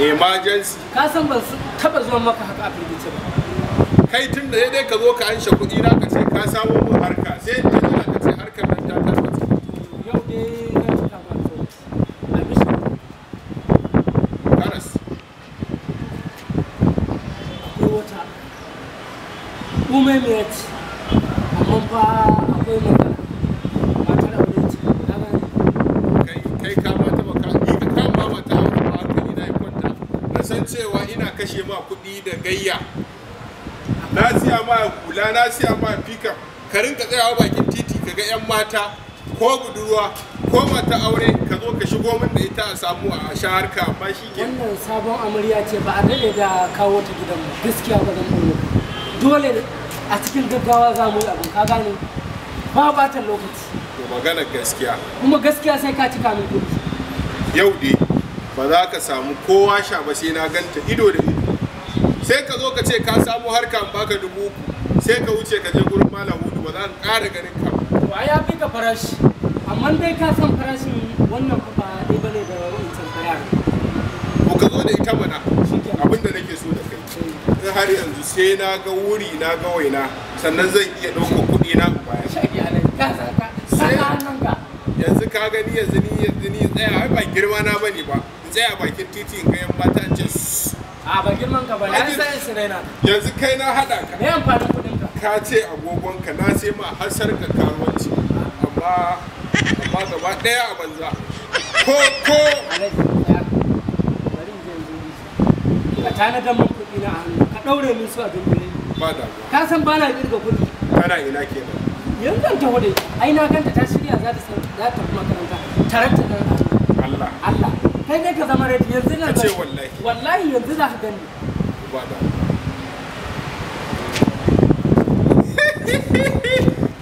emergency. Ka san ban taba zuwa maka haka a firgice ba. Kai tun da ya dai ka zo ka ansha kuɗi na ka ce ka samu harka sai kashe ma kuɗi da gayya na siya ma kula na siya ma fika ka rinka tsayawa bakin titi ka ga 'yan mata ko budurwa ko mata aure ka zo ka shigo min da ita a samu a sha harka amma shi ke wannan sabon amarya ce ba a dade da kawo ta gidan mu gaskiya ba zan mu dole a cikin gaggawa za mu yi abin ka gane ba ba ta lokaci to magana gaskiya kuma gaskiya sai ka cika min kuɗi yau dai ba za ka samu kowa sha ba sai na ganta ido da ido sai ka zo ka ce ka samu harka in baka dubu sai ka wuce ka je gurin malam hudu ba za ka ƙara ganin ka to ai ya fi ka farashi amma dai ka san farashin wannan fa ba dai bane da wancan farashin ko ka zo da ita mana abinda nake so da kai har yanzu sai na ga wuri na ga waina sannan zan iya ɗaukar kuɗi na bayan yanzu ka gani yanzu ni yanzu ni tsaya ai ba girma na bane ba in tsaya bakin titi in ga yan mata in ce a ba girman ka ba ya sai su raina yanzu kai na hada ka me amfanin kudin ka ka ce agogon ka na sai ma hasar ka karuwanci amma amma gaba daya a banza ko ko ka tanadar min kuɗi na hannu ka ɗaure min su a dunkule ba da ka san ba na kirga kuɗi kana ina kenan yanzu ta hudu ai na ganta ta shirya za ta za ta makaranta tare da Allah Allah kai dai ka zama ready yanzu na ce wallahi wallahi yanzu za ka gani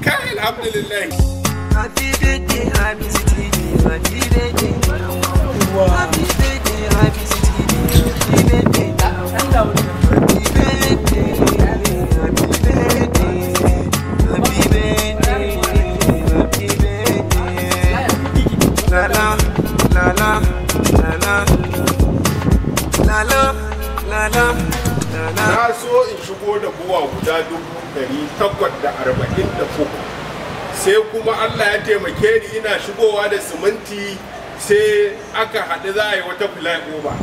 kai alhamdulillah happy birthday guda dubu ɗari takwas da arba'in da uku sai kuma allah ya taimake ni ina shigowa da siminti sai aka haɗu za a yi wata fly over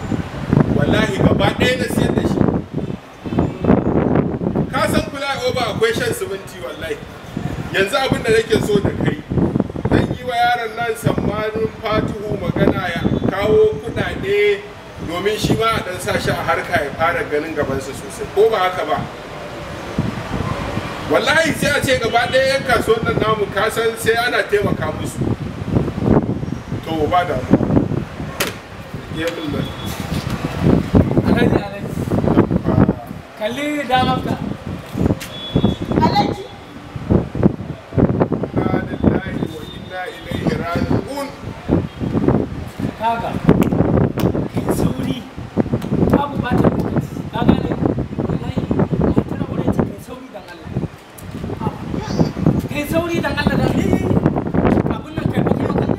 wallahi gaba ɗaya na siyar da shi ka san fly akwai shan siminti wallahi yanzu abin da nake so da kai zan yi wa yaron nan sammanin fatihu magana ya kawo kuɗaɗe domin shi ma a ɗan sa shi a harka ya fara ganin gabansa sosai ko ba haka ba wallahi sai a ce gaba ɗaya yan kasuwan nan namu kasan sai ana taimaka musu to ba da kalli damarka alaji ilaihi raji'un kaga sauri dan Allah dan eh, abun nan kai kuma kan ya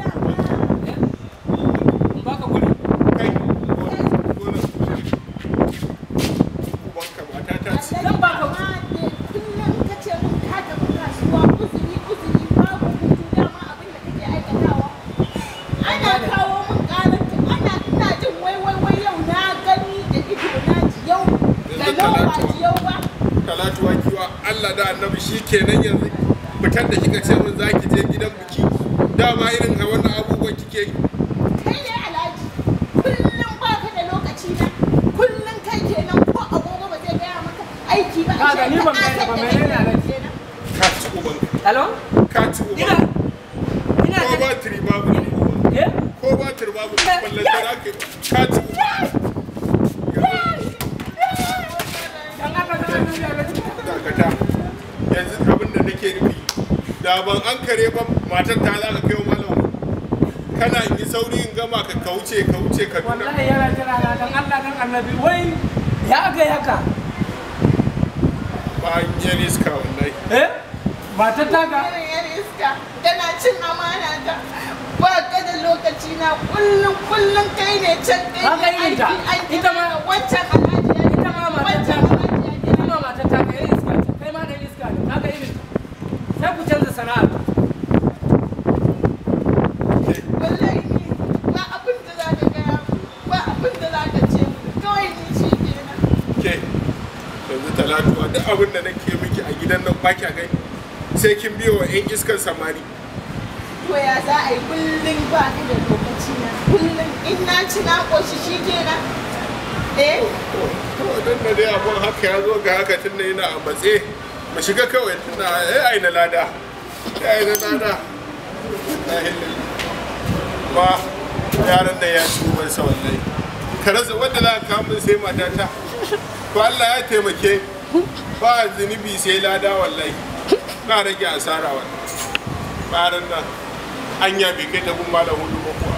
kai ta zan tun nan kace mun ka kasuwa uzuri uzuri babu hutu dama abin da kake aikatawa ana kawo mun karanta ana ina jin wai wai wai yau na gani da ido na yau da nawa yau ba kalatuwa kiwa Allah da annabi shikenan yanzu fitar da kika ce mun zaki je gidan biki dama irin a wannan abubuwan kike yi kai ne alhaji kullum baka da lokaci na kullum kai ko agogo ba zai gaya maka aiki ba a ce ka asa alhaji ka ci uban ka ci uban ina ina ba babu ne ko ba babu ne ballan ka ci uban dan da ban an kare ba matar ta za ka kai malam kana in yi sauri in gama ka kauce ka wuce ka nuna wallahi yana jira na dan Allah dan annabi wai ya ga yaka ba an yi riska wallahi eh matar ta ga iska tana cin amana ta ba ka da lokaci na kullum kullum kai ne can kai ne aiki aiki ita ma wancan alhaji ya ita ma matar ta ita ma matar ta kai iska kai ma da iska ta kai iska sana'ar wallahi ba abin da za ka gaya ba abin da za ka ce kawai ni shi kenan ke yanzu talatuwa duk abin da nake miki a gidan nan ba kya gani sai kin biyo wa 'yan iskar samari to ya za a yi kullum ba ni da lokaci na kullum in na ci na koshi shi kenan eh to don dai abun haka ya zo ga haka tunda yana a matse mu shiga kawai tunda eh, ai na lada kai da dada yaran da ya ci uban sa wallahi ka rasa wanda za ka kamun sai matata ko Allah ya taimake ba zunubi sai lada wallahi ba rage asara wallahi baran nan anya bi kai ta gumma hudu ba kuwa